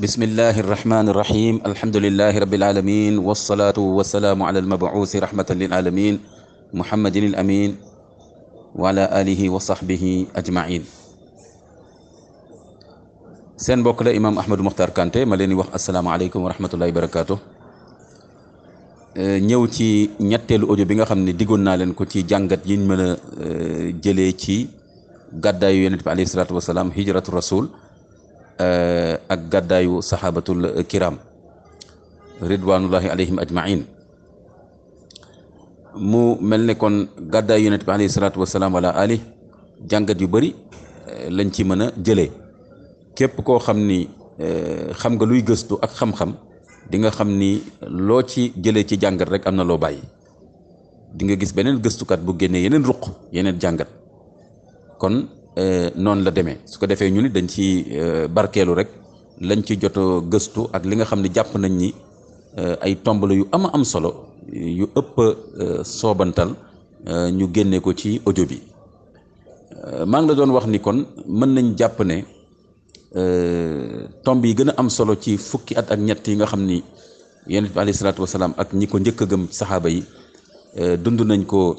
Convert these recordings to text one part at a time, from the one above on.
بسم الله الرحمن الرحيم الحمد لله رب العالمين والصلاة والسلام على المبعوث رحمة للعالمين محمد الأمين وعلى آله وصحبه أجمعين سين بوكلا إمام أحمد مختار كانتي مليني وح السلام عليكم ورحمة الله وبركاته نيو تي نيتلو اوديو بيغا خامني ديغون نالن كو تي جانغات يي مانا جيلي تي غدا يونس عليه الصلاه والسلام هجره الرسول Eh, ak gàddaayu saxaabatul kiram ridwanullahi alayhim ajmain mu mel ni kon gàddaayu yonent bi alayhi salaatu wasalaam wala ali jàngat yu bari eh, lañ ci mën a jëlee képp koo xam ni eh, xam nga luy gëstu ak xam-xam di nga xam ni loo ci jëlee ci jàngat rek am na loo bàyyi di nga gis beneen gëstukat bu génnee yeneen ruq yeneen jàngat kon Euh, noonu la demee su ko defee ñu ni dañ ci euh, barkeelu rek lañ ci joto gëstu ak li nga xam ne jàpp nañ ni euh, ay tomb la yu ama am solo yu ëpp soobantal ñu génne ko ci audio bi maa ngi la doon wax ni kon mën nañ jàpp ne tomb yi gën a am solo ci fukki at ak ñett yi nga xam ni yonent bi alayhi salaatu wasalaam ak ñi ko njëkk a gëm saxaaba yi dund nañ ko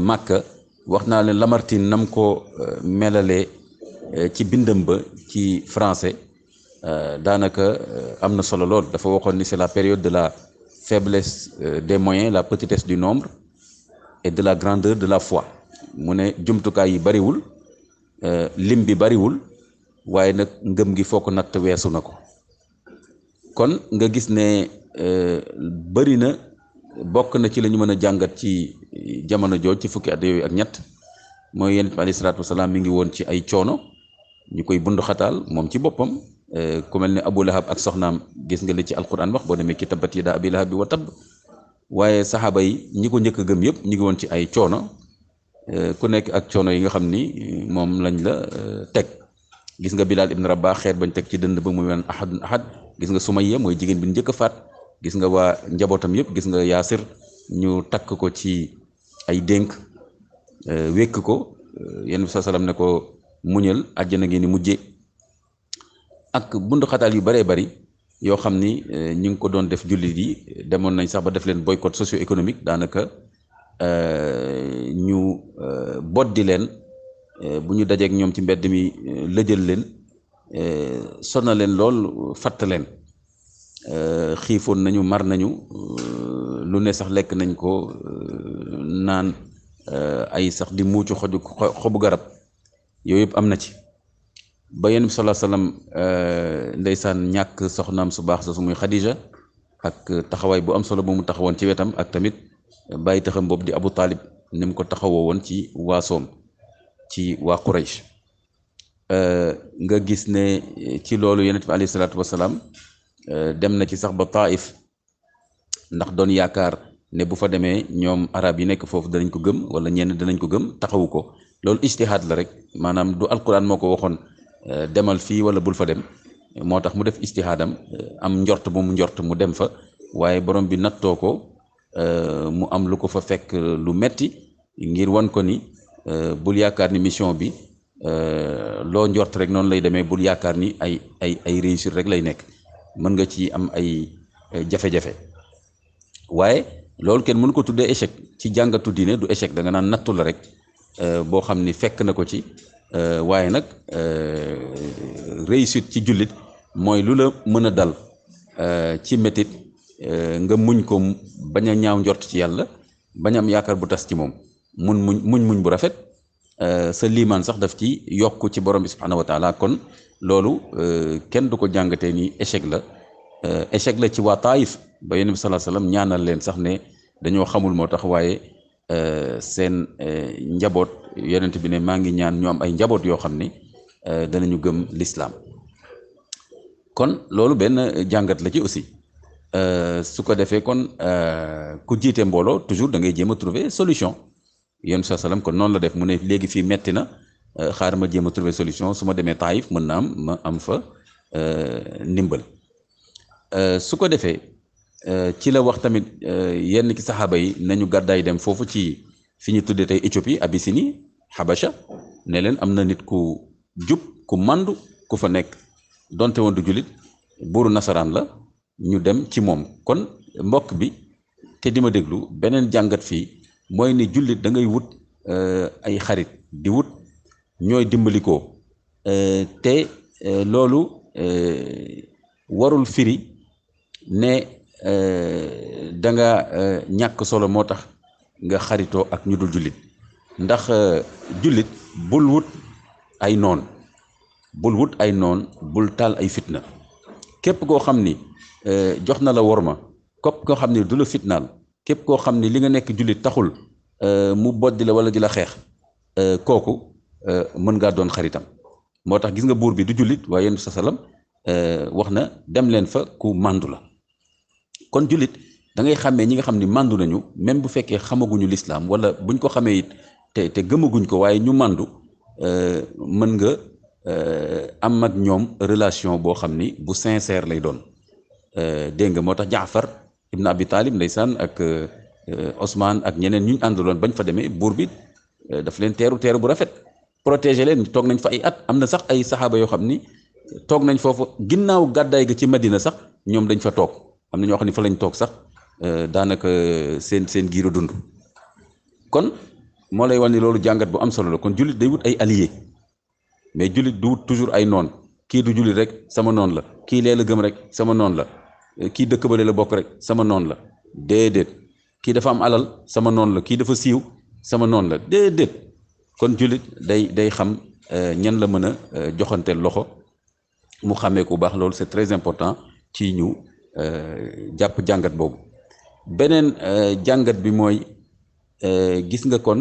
màkka waxna naa Lamartine nam ko euh, melale euh, ci bindam ba ci français euh, solo c'est la période de la faiblesse des moyens la petitesse du nombre et de la grandeur de la foi Mon yi bariwul lim bi bariwul waye nak gi kon nga gis bokk na ci lañu mën a jàngat ci jamono jooj ci fukki at yooyu ak ñett mooy yonent bi aleyhi mi ngi woon ci ay coono ñu koy bund moom ci boppam eh, ku mel ne abu lahab ak soxnaam gis nga li ci alquran wax boo demee ci tabbat yadaa abi lahab bi wa tabb waaye saxaaba yi ñi ko njëkk a gëm yëpp ñu ngi woon ci ay coono eh, ku nekk ak coono yi nga xam ni moom lañ la eh, teg gis nga bilaal ibn rabah xeet bañ teg ci dënd ba mu wen ahadun ahad gis nga sumayya mooy jigéen bi njëkk a faat gis nga waa njabootam yëpp gis nga yaasir ñu takk ko ci ay dénk euh, wékk ko euh, yenn bi salaam ne ko muñal àjjana ngeen ni mujje ak bundu xataal yu baree bari yoo xam ni euh, ñu ngi ko doon def jullit yi demoon nañ sax ba def leen boycott socio-économique daanaka ñu boddi leen bu ñu dajeek ñoom ci mbedd mi lëjal leen sonna leen lool fatt leen Euh, xiifoon nañu mar nañu euh, lu ne sax lekk nañ ko euh, naan ay sax di muucu xoju xobu garab yooyu yëpp am na ci ba yéen bi salaa salaam ndeysaan ñàkk soxnaam su baax sa sumuy muy xadija ak taxawaay bu am solo bu mu taxawoon ci wetam ak tamit bàyyi taxam boobu di abu taalib ni ko taxawoo woon ci waasoom ci waa Quraysh nga gis ne ci loolu yonent bi alayhi salaatu wasalaam Euh, dem na ci sax ba Taif ndax doon yaakaar ne bu fa demee ñoom arab yi nekk foofu danañ ko gëm wala ñenn danañ ko gëm taxawu ko loolu ijtihaad la rek maanaam du alquran moo ko waxoon euh, demal fii wala bul fa dem moo tax mu def ijtihaadam euh, am njort bu mu njort mu dem fa waaye borom bi nattoo ko mu am lu ko fa fekk lu metti ngir wan ko ni bul yaakaar ni mission bi loo njort rek noonu lay demee bul yaakaar ni ay ay ay réussite rek lay nekk mën nga ci am ay jafe-jafe waaye loolu kenn mënu ko tuddee échec ci jàngatu diine du échec danga naan nattu la rek euh, boo xam ni fekk na ko ci euh, waaye nag euh, réussite ci jullit mooy lu la mën a dal ci métit nga muñ ko bañ a ñaaw njort ci yàlla bañ am yaakaar bu tas ci moom mun muñ muñ muñ bu rafet sa liimaan sax daf ci yokk ci borom bi subhanahu wa kon loolu euh, kenn du ko jàngatee nii échec la euh, échec la ci waa Taïf ba yonent bi sallallahu alayhi wasallam ñaanal leen sax ne dañoo xamul moo tax waaye euh, seen njaboot yonent bi ne maa ngi ñaan ñu am ay njaboot yoo xam ni danañu gëm lislaam kon loolu benn jàngat la ci aussi su ko defee kon ku jiite mbooloo toujours da ngay jéem a trouver solution yonent bi sallallahu alayhi kon noonu la def mu ne léegi fii metti na Euh, xaar ma jéem a solution su ma demee Taïf mën na am ma am fa euh, ndimbal euh, su ko defee ci la wax tamit yenn ki saxaaba yi nañu gàddaay dem foofu ci fi ñu tuddee tey Éthiopie Abyssinie Habasha ne leen am na nit ku jub ku màndu ku fa nekk donte woon du jullit buuru nasaraan la ñu dem ci moom kon mbokk bi te di ma déglu beneen jàngat fii mooy ni jullit da ngay wut ay xarit di wut ñooy dimbalikoo euh, te euh, loolu euh, warul firi ne danga ñàkk solo moo tax nga xaritoo ak ñu dul jullit ndax jullit bul wut ay noon bul wut ay noon bul taal ay fitna képp koo xam ni jox na la ma képp koo xam ni du la fitnaal képp koo xam ni li nga nekk jullit taxul mu boddi la wala di la xeex kooku Euh, mën ngaa doon xaritam moo tax gis nga buur bi du jullit waaye yéen sa salam wax na dem leen fa ku màndu la kon jullit da ngay xàmmee ñi nga xam ni màndu nañu même bu fekkee xamaguñu lislaam wala buñ ko xamee it te te gëmaguñ ko waaye ñu màndu euh, mën nga euh, am ak ñoom relation boo xam ni bu sincère lay doon dégg nga moo tax jaafar ibn abi taalib ndeysaan ak Ousmane ak ñeneen ñu ñu àndaloon bañ fa demee buur bi daf leen teeru teeru bu rafet protéger leen toog nañ fa ay at am na sax ay saxaaba yoo xam ni toog nañ foofu ginnaaw gàddaay gi ci Madina sax ñoom dañ fa toog am na ñoo xam ne fa lañ toog sax euh, daanaka euh, seen seen giiru dund kon moo lay wan ni loolu jàngat bu am solo la kon jullit day wut ay alliés mais jullit du wut toujours ay noon kii du jullit rek sama noon la kii lee la gëm rek sama noon la euh, kii dëkk ba la bokk rek sama noon la déedéet kii dafa am alal sama noon la kii dafa siiw sama noon la déedéet kon jullit day day xam euh, ñan la mën a euh, joxanteel loxo mu xàmmee ko baax loolu c'est très important ci ñu euh, jàpp jàngat boobu beneen jàngat bi mooy gis nga kon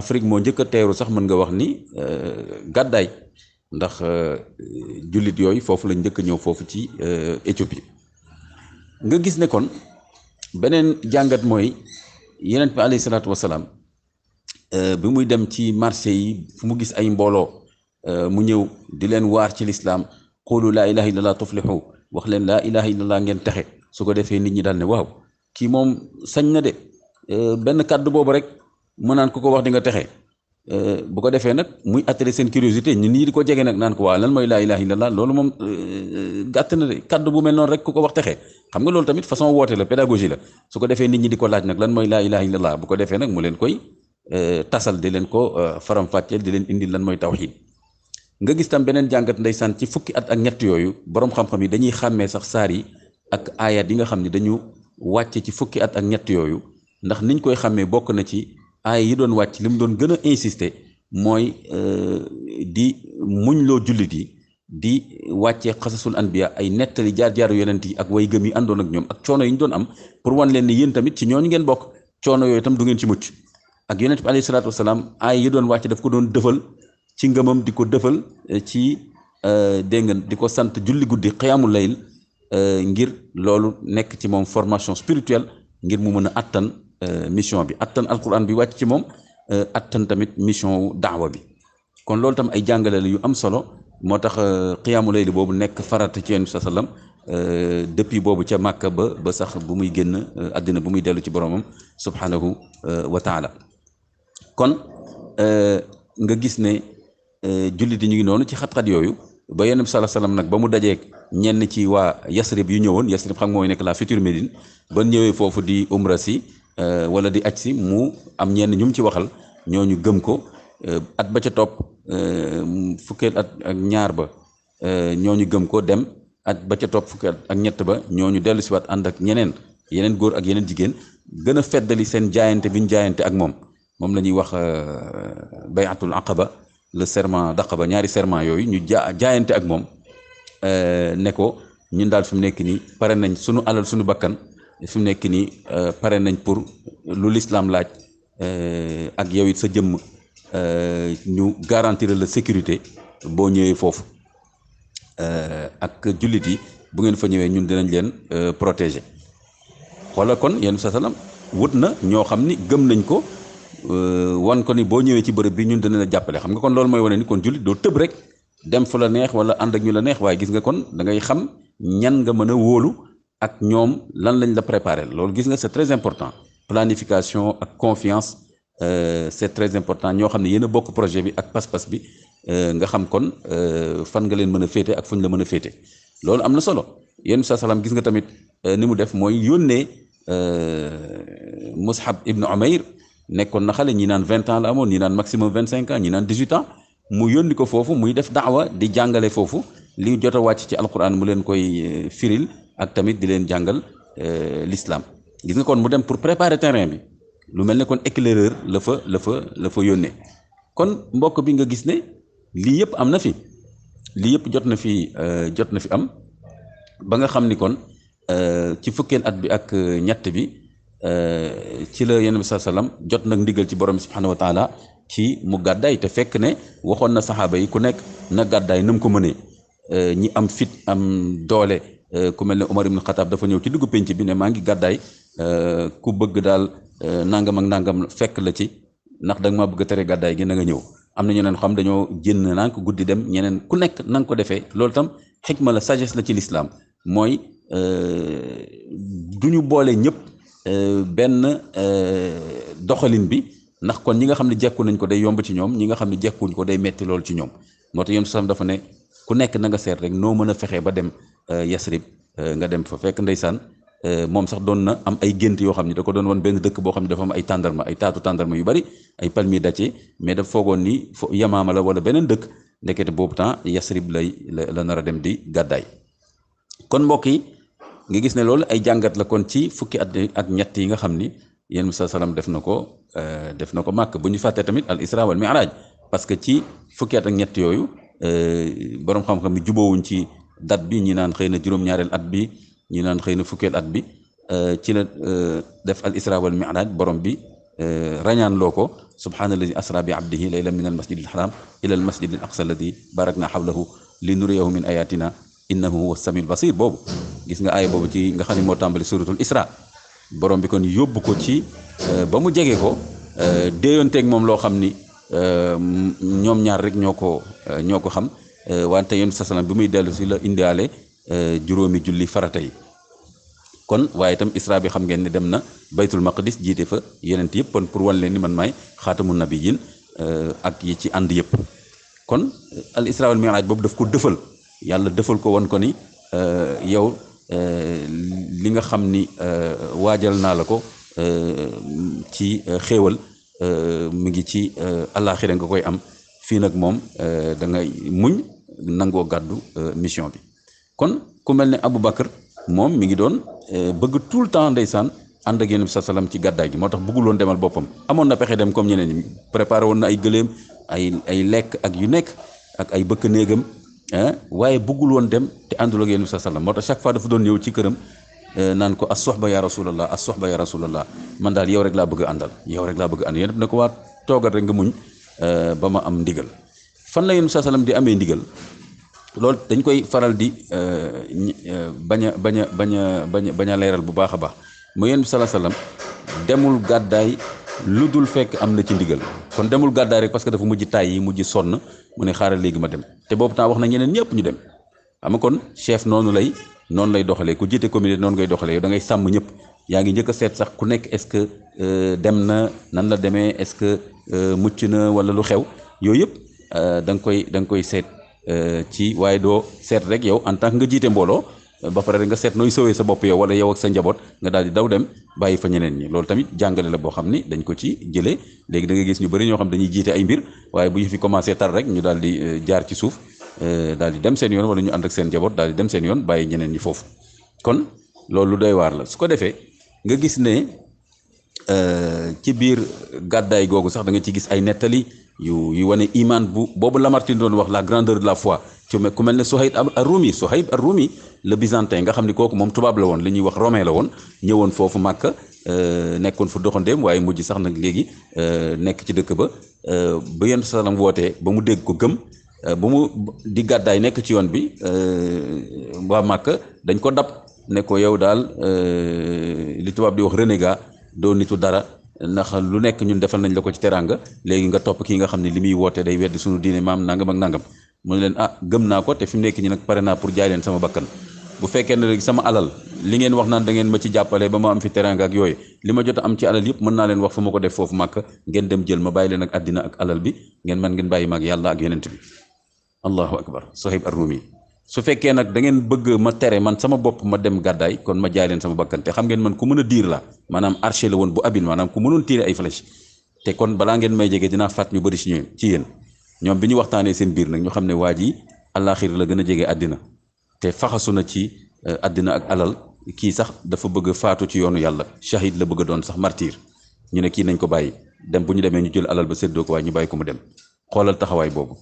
Afrique moo njëkk a teeru sax mën nga wax ni gàddaay ndax jullit yooyu foofu la njëkk a ñëw foofu ci Éthiopie nga gis ne kon beneen jàngat mooy yeneen bi alayhi salaatu wasalaam Euh, bi muy dem ci marché yi fu mu gis ay mbooloo euh, mu ñëw di leen waar ci lislaam qulu laa ilaha illallah tuflihu wax leen laa ilaha illallah ngeen texe su ko defee nit ñi daal ne waaw kii moom sañ na de euh, benn kàddu boobu rek mën naan ko wax di nga texe bu ko defee nag muy attiré ko jege nag naan ko waaw lan mooy laa ilaha illallah loolu moom gàtt na de kàddu bu mel noonu rek ku ko wax texe xam nga loolu tamit façon woote la pédagogie la su ko defee nit ñi di ko laaj nag lan mooy laa ilaha illallah bu ko defee nag mu leen koy Euh, tasal di leen ko euh, faram-fàcceel di leen indi lan mooy tawxiid nga gis tam beneen jàngat ndeysaan ci fukki at ak ñett yooyu borom xam-xam yi dañuy xàmmee sax saar yi ak aayaat yi nga xam ne dañu wàcce ci fukki at ak ñett yooyu ndax niñ koy xàmmee bokk na ci aaya yi doon wàcc li mu doon gën a insister mooy euh, di muñ loo jullit yi di wàccee xasasul anbiya ay nettali jaar-jaaru yonent yi ak way gëm yi àndoon ak ñoom ak coono yi ñu doon am pour wan leen ni yéen tamit ci ñooñu ngeen bokk coono yooyu tam du ci mucc ak yonent bi alayhi salaatu wasalaam aay yi doon wàcc daf ko doon dëfal ci ngëmam di ko dëfal eh, ci eh, dégg nga di ko sant julli guddi xiyaamu layl eh, ngir loolu nekk ci moom formation spirituelle ngir mu mën a attan mission bi attan alquran bi wàcc ci moom attan tamit mission wu daawa bi kon loolu tam ay jàngaleel yu am solo moo tax xiyaamu layli boobu nekk farata ci yonent bi sallam depuis boobu ca Màkka ba ba sax bu muy génn àddina bu muy dellu ci boromam subhanahu wa kon euh, nga gis ne euh, jullit yi ñu ngi noonu ci xat-xat yooyu ba yonent bi sallallahu nag ba mu dajee ñenn ci waa Yasrib yu ñëwoon Yasrib xam mooy nekk la future Médine ba ñëwee foofu di umra si euh, wala di aj si mu am ñenn ñu mu ci waxal ñu gëm ko at ba ca topp fukkeel at ak ñaar ba ñoo ñu gëm ko dem at ba ca topp fukkeel ak ñett ba ñoo ñooñu dellu siwaat ànd ak ñeneen yeneen góor ak yeneen jigéen gën a feddali seen jaayante bi ñu jaayante ak moom moom la ñuy wax euh, bayatul aqaba le serment d'aqaba ñaari serment yooyu ñu jaa jaayante ak moom euh, ne ko ñun daal fi mu nekk nii pare nañ suñu alal suñu bakkan fi mu nekk nii euh, pare nañ pour lu lislaam laaj ak yow it sa jëmm ñu garantir la sécurité boo ñëwee foofu ak jullit yi bu ngeen fa ñëwee ñun dinañ leen protéger xoola kon yenn sa wut na ñoo xam ni gëm nañ ko Euh, wan ko ni boo ñëwee ci bërepp bi ñun dina la jappalé xam nga kon lool moy wane ni kon jullit Do teub rek dem fu la neex wala and ak ñu la neex waaye gis nga kon da ngay xam ñan nga mën a wóolu ak ñoom lan lañ la préparé loolu gis nga c'est très important planification ak confiance euh, c'est très important ñoo xam ne yéen a bokk projet bi ak pas-pas bi euh, nga xam kon fan nga leen mën a féete ak fu ñu la mën a féete loolu am na solo yéen sa salaam gis nga tamit ni mu def mooy yónnee Mus'ab ibn Umayr nekkoon na xale ñi naan vingt ans la amoon ñi naan maximum vingt cinq ans ñi naan dix huit ans mu yónni ko foofu muy def daawa di jàngale foofu li jot a wàcc ci alquran mu leen koy euh, firil ak tamit di leen jàngal euh, l'islam gis nga kon mu dem pour préparer terrain bi lu mel ne kon éclaireur la fa la fa la fa yónnee kon mbokk bi nga gis ne lii yëpp am na fi lii yëpp jot na fi euh, jot na fi am ba nga xam ni kon ci fukkeel at bi ak ñett bi. ci la yenn bi saa salaam jot nag ndigal ci borom bi subhanahu wa taala ci mu gàddaay te fekk ne waxoon na saxaaba yi ku nekk na gàddaay na ko mënee euh, ñi am fit am doole euh, ku mel ne Omar ibn dafa ñëw ci diggu penc bi ne maa ngi gàddaay euh, ku bëgg daal nangam ak nangam fekk la ci ndax danga ma maa bëgg a tere gàddaay gi na nga ñëw am na ñeneen xam dañoo génn naa ko guddi dem ñeneen ku nekk nanga ko defee loolu tam xikma la sagesse la ci lislaam mooy du ñu boole ñëpp. Euh, benn euh, doxalin bi ndax kon ñi nga xam ne jekku nañ ko day yomb ci ñoom ñi nga xam ne jekkuñ ko day metti lool ci ñoom moo tax yom sam dafa ne ku nekk na nga seet rek noo mën a fexee ba dem euh, yasrib nga dem fa fekk ndeysaan moom sax doon na am ay gént yoo xam ne da doon wan benn dëkk boo xam ne dafa am ay tàndarma ay taatu tàndarma yu bari ay palmier dace mais dafa foogoon ni yamaama la wala beneen dëkk ndekete boobu temps yasrib lay la nar a dem di gàddaay kon mbokk nga gis ne loolu ay jàngat la kon ci fukki at ak ñett yi nga xam ni yéen bi salaam def na ko euh, def na ko màkk bu ñu fàttee tamit al isra wal parce que ci fukki at ak ñett euh, borom xam bi jubóowuñ ci date bi ñi naan xëy na juróom at bi ñi naan xëy na fukkeel at bi euh, ci la def al isra wal mi'raj borom bi rañaan loo ko subhaanallazi asra bi abdihi laylan min al masjidil haram ila al masjidil aqsa alladi barakna xawlahu li nuriyahu min ayatina innahu huwa samiul basir boobu gis nga aaya boobu ci nga xam ne moo tàmbali suratul isra boroom bi kon yóbbu ko ci euh, ba mu jege ko euh, déeyonteeg moom loo xam ni euh, ñoom ñaar rek ñoo ko ñoo ko xam wante yoon sasalam bi muy dellu si la indiwaale juróomi julli farata yi kon waaye tam isra bi xam ngeen ne dem na baytul maqdis jiite fa yeneen yëpp kon pour wan leen ni man maay xaatamu nabiyin ak yi ci ànd yëpp kon al isra wal miraaj boobu daf ko dëfal yàlla defal ko won ko ni euh, yow euh, li nga xam ni euh, waajal naa la ko ci xéewal mu ngi ci àllaaxira nga koy am fii nag moom da ngay muñ nangoo gàddu mission bi kon ku mel ni abu Aboubacar moom mu ngi doon bëgg tout le temps ndeysaan ànd ak yéen sa salam ci gàddaay gi moo tax bëggul woon demal boppam amoon na pexe dem comme ñeneen ñi préparé woon na ay gëléem ay ay lekk ak yu nekk ak ay bëkk néegam waaye bëggul woon dem te àndul ak yéen bi moo tax chaque fois dafa doon ñëw ci këram euh, naan ko as soxba ya rasulallah as soxba ya rasulallah man daal yow rek laa bëgg àndal yow rek laa bëgg àndal yéen ne ko waa toogal nga muñ euh, ba ma am ndigal fan la yéen bi di amee ndigal loolu dañ koy faral di euh, bañ a bañ a bañ a bañ baña leeral bu a baax mu yéen bi sallam demul gàddaay lu dul fekk am na ci ndigal kon demul gàddaay rek parce que dafa mujj tay yi mujj sonn mu ne xaaral léegi ma dem te boobu temps wax na ñeneen ñëpp ñu dem xam nga kon chef noonu lay noonu lay doxalee ku jiite communauté noonu ngay doxalee yow da sàmm ñëpp yaa ngi njëkk seet sax ku nekk est-ce que euh, dem na nan la demee est-ce que euh, mucc na wala lu xew yooyu yëpp euh, da nga koy da nga koy seet ci waaye doo seet rek yow en tant que nga jiite mbooloo ba pare nga seet nooy sowee sa bopp yow wala yow ak sa njaboot nga daal di daw dem bàyyi fa ñeneen ñi loolu tamit jàngale la boo xam ni dañ ko ci jëlee léegi da nga gis ñu bëri ñoo xam dañuy jiite ay mbir waaye bu ñu fi commencé tar rek ñu daal di euh, jaar ci suuf euh, daal di dem seen yoon wala ñu ànd ak seen njaboot daal di dem seen yoon bàyyi ñeneen ñi foofu kon loolu doy waar la su ko defee nga gis ne euh, ci biir gàddaay googu sax da nga ci gis ay nettali yu wane imaan bu boobu Lamartine doon wax la grandeur de la fois ci ku mel ne Suhayb ar-Rumi Suhayb ar-Rumi le byzantin nga xam ni kooku moom tubaab la woon li ñuy wax romain la woon ñëwoon foofu Màkka euh, nekkoon fu doxandeem waaye mujj sax nag léegi euh, nekk ci dëkk ba ba yenn salaam woote ba mu dégg ko gëm euh, ba mu di gàddaay nekk ci yoon bi waa Màkka dañ ko dab nekkoo ko yow daal li tubaab di wax renégat doo nitu dara ndax lu nekk ñun defal nañ la ko ci teraanga léegi nga topp kii nga xam ne li muy woote day weddi suñu diine maam nangam ak nangam mu ne leen ah gëm naa ko te fi mu nekk ñi nag pare naa pour jaay leen sama bakkan bu fekkee ne rek sama alal li ngeen wax naan da ngeen ma ci jàppale ba ma am fi teraanga ak yooyu li ma jot a am ci alal yëpp mën naa leen wax fu ma ko def foofu màkk ngeen dem jël ma bàyyi leen ak àddina ak alal bi ngeen man ngeen bàyyi ma ak yàlla ak yonent bi allahu akbar sahib ar-rumi su fekkee nag da ngeen bëgg ma tere man sama bopp ma dem gàddaay kon ma jaay leen sama bakkan xam ngeen man ku mën a diir la maanaam archer la woon bu habile maanaam ku mënoon tiire ay flèche te kon balaa ngeen may jege dinaa faat ñu bëri si ñoom ci yéen ñoom bi ñu waxtaanee seen biir nag ñu xam ne waa ji àllaaxir la gën a jege àddina te faxasu na ci euh, àddina ak alal kii sax dafa bëgg faatu ci yoonu yàlla shahid la bëgg a doon sax martiir ñu ne kii nañ ko bàyyi dem bu ñu demee ñu jël alal ba séddoo ko waaye ñu bàyyi ko mu dem xoolal taxawaay boobu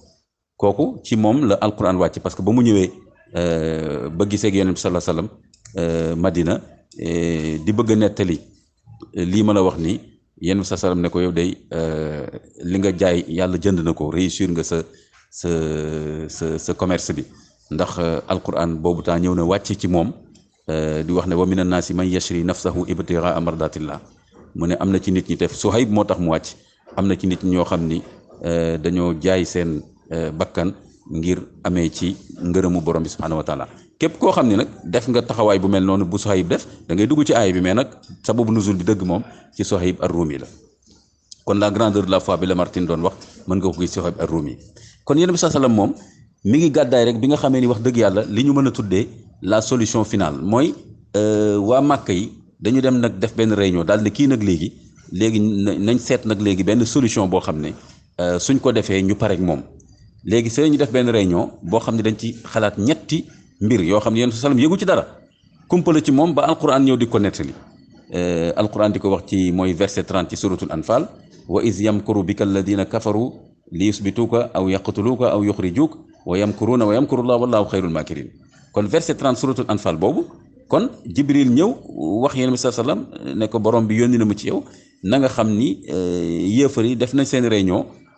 kooku ci moom la alquran wàcc parce que ba mu ñëwee euh, ba gisee ak yonent bi sallallahu alayhi wasallam euh, Madina euh, di bëgg a nettali lii ma la wax nii yonent bi sallallahu alayhi wasallam ne ko yow day li nga jaay yàlla jënd na ko réussir nga sa sa sa sa commerce bi ndax alquran boobu temps ñëw na wàcc ci moom di wax ne wa mina naasi man yashri nafsahu ibtiraa mardatillah mu ne am na ci nit ñi def su Suhayb moo tax mu wàcc am na ci nit ñoo xam ni dañoo jaay seen Euh, bakkan ngir amee ci ngërëmu borom bi subhanahu wa taala képp koo xam ne nag def nga taxawaay bu mel noonu bu Suhayb def da ngay dugg ci aay bi mais nag sa sababu nuzul bi dëgg moom ci Suhayb ar-Rumi la kon la grandeur de la foi bi la Martin doon wax mën nga ko gis Suhayb ar-Rumi kon yéen bi sa salam moom mi ngi gàddaay rek bi nga xamee ni wax dëgg yàlla li ñu mën a tuddee la solution finale mooy euh, waa Màkka yi dañu dem nag def benn réunion daal ne kii nag léegi léegi nañ seet nag léegi benn solution boo xam ne euh, suñ ko defee ñu pareek moom légui sëriñ ñu def ben réunion bo xamni dañ ci xalaat ñetti mbir yo xamni ne yéen sallam yëgu ci dara kumpala ci mom ba alquran ñëw di ko netali euh alquran di ko wax ci moy verset 30 ci suratul anfal wa iz yamkuru bika alladina kafaru li yusbituka aw yaqtuluka aw yukhrijuk wa yamkuruna wa yamkuru allah wallahu khairul makirin kon verset 30 suratul anfal bobu kon jibril ñëw wax yéen bi saa sallam ne ko borom bi yónni na mu ci yow na nga xamni euh yeufari def nañ seen réunion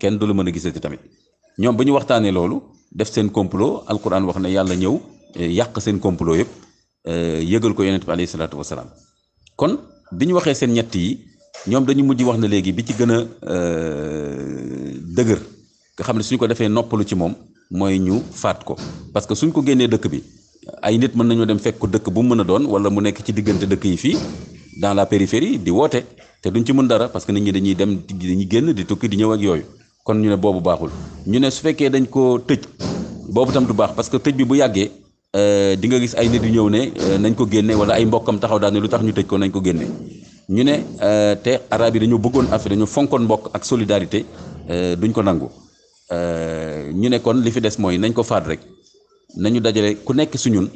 kenn du lu mën a gisati tamit ñoom ba ñu waxtaanee loolu def seen complot alquran wax ne yàlla ñëw eh, yàq seen complot yëpp eh, yëgal ko yonent bi alayhi salaam kon bi ñu waxee seen ñett yi ñoom dañu mujj wax ne léegi bi ci gën a eh, dëgër nga xam ne suñ ko defee noppalu ci moom mooy ñu faat ko parce que suñ ko génnee dëkk bi ay nit mën nañoo dem fekk ko dëkk bu mu mën a doon wala mu nekk ci diggante dëkk yi fii dans la périphérie di woote te duñ ci mën dara parce que nit ñi dañuy dem dañuy génn di tukki di ñëw ak yooyu kon ñu ne boobu baaxul ñu ne su fekkee dañ koo tëj boobu tam du baax parce que tëj bi bu yàggee euh, di nga gis ay nit yu ñëw ne euh, nañ ko génne wala ay mbokkam taxaw daal ne lu tax ñu tëj ko nañ ko génne ñu ne euh, te arab yi dañoo bëggoon affaire fonkoon mbokk ak solidarité duñ ko nangu ñu ne kon li fi des mooy nañ ko faat rek nañu dajale ku nekk su ñun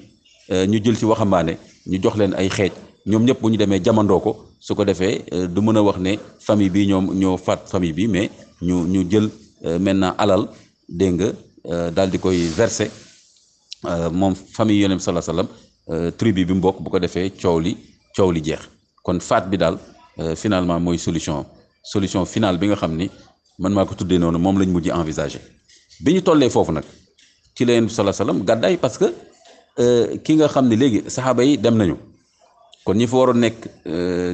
ñu jël ci waxambaane ñu jox leen ay xeej ñoom ñëpp bu ñu demee jamandoo ko su ko defee du mën a wax ne famille bi ñoom ñoo faat famille bi mais ñu ñu jël euh, maintenant alal dégg nga euh, dal di koy verser euh, moom famille yonem bi sala sallam tribu bi mu bokk bu ko defee coow li coow li jeex kon faat bi daal finalement mooy solution solution finale bi nga xam ni man maa ko tuddee noonu moom lañ mujj envisager bi ñu tollee foofu nag ci la yonent bi sala sallam gàddaay parce que ki nga xam ne léegi saxaaba yi dem nañu kon ñi fa waroon nekk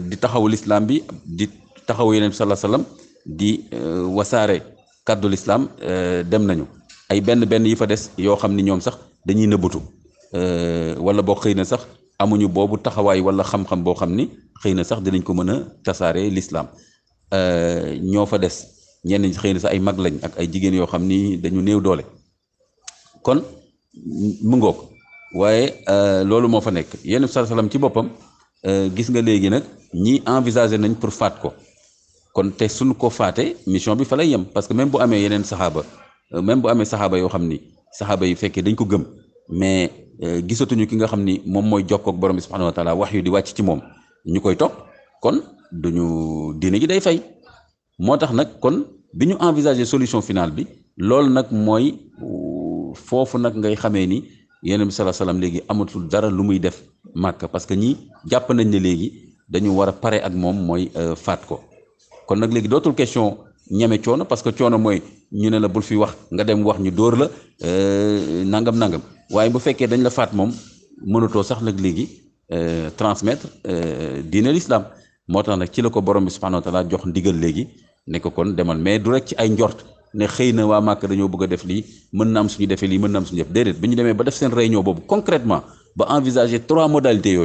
di taxawul islam bi di taxaw yonent sala sallam di euh, wasaare kàddu lislaam euh, dem nañu ay benn benn yi fa des yoo xam ni ñoom sax dañuy nëbbatu euh, wala boo xëy na sax amuñu boobu taxawaay wala xam-xam boo xam ni xëy na sax dinañ ko mën a tasaare lislaam ñoo fa des ñenn xëy na sax ay mag lañ ak ay jigéen yoo xam ni dañu néew doole kon mu ngoog waaye loolu moo fa nekk yenn salaam ci boppam gis nga léegi nag ñi envisager nañ pour faat ko kon te suñu ko faatee mission bi fa lay yem parce que même bu amee yeneen saxaaba euh, même bu amee saxaaba yoo xam ni saxaaba yi fekkee dañ ko gëm mais euh, gisatuñu ki nga xam ni moom mooy jokkoog borom bi subhanahu wa taala wax yu di wàcc ci moom ñu koy topp kon duñu diine ji day fay moo tax nag kon bi ñu envisager solution finale bi loolu nag mooy euh, foofu nag ngay xamee ni yeneen bi sala salaam léegi amatul dara lu muy def màkk parce que ñi jàpp nañ ne léegi dañu war a pare ak moom mooy faat ko kon nag léegi dootul question parce que la bul fi wax nga dem wax ñu la euh, nangam nangam bu dañ la sax euh, transmettre euh, diine l'islam moo ci borom kon mais du rek ne bëgg a def lii mën am suñu defee lii mën am suñu réunion concrètement ba envisager trois modalités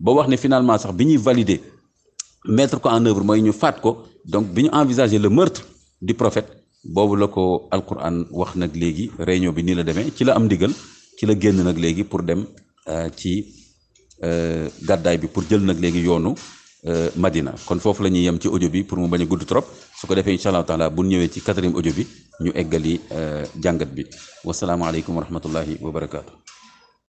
ba wax finalement sax valider mettre en œuvre mooy ñu donc bi ñu envisager le meurtre di prophète boobu la ko alquran wax nag léegi réunion bi nii la demee ci la am ndigal ci la génn nag léegi pour dem euh, ci euh, gàddaay bi pour jël nag léegi yoonu euh, Madina kon foofu la ñuy yem ci audio bi pour mu bañ gudd trop su ko defee incha allahu taala bun ñëwee ci quatrième audio bi ñu eggali jàngat bi wasalaamaaleykum wa rahmatullahi wa